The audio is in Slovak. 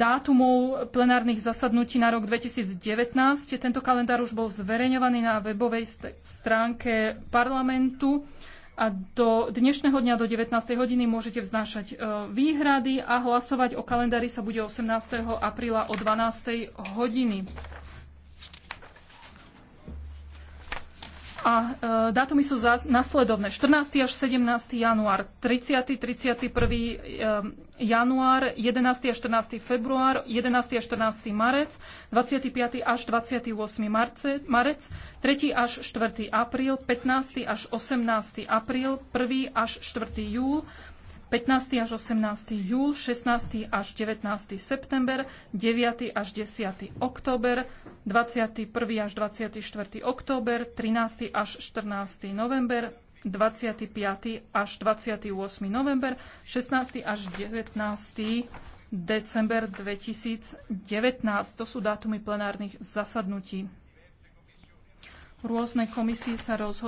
dátumov plenárnych zasadnutí na rok 2019. Tento kalendár už bol zverejňovaný na webovej stránke parlamentu a do dnešného dňa do 19. hodiny môžete vznášať e, výhrady a hlasovať o kalendári sa bude 18. apríla o 12. hodiny. A e, dátumy sú zás, nasledovné. 14. až 17. január, 30. 31. E, január, 11. až 14. február, 11. až 14. marec, 25. až 28. Marce, marec, 3. až 4. apríl, 15. až 18. apríl, 1. až 4. júl, 15. až 18. júl, 16. až 19. september, 9. až 10. október, 21. až 24. október, 13. až 14. november, 25. až 28. november, 16. až 19. december 2019. To sú dátumy plenárnych zasadnutí. Rôzne komisie sa rozhodli,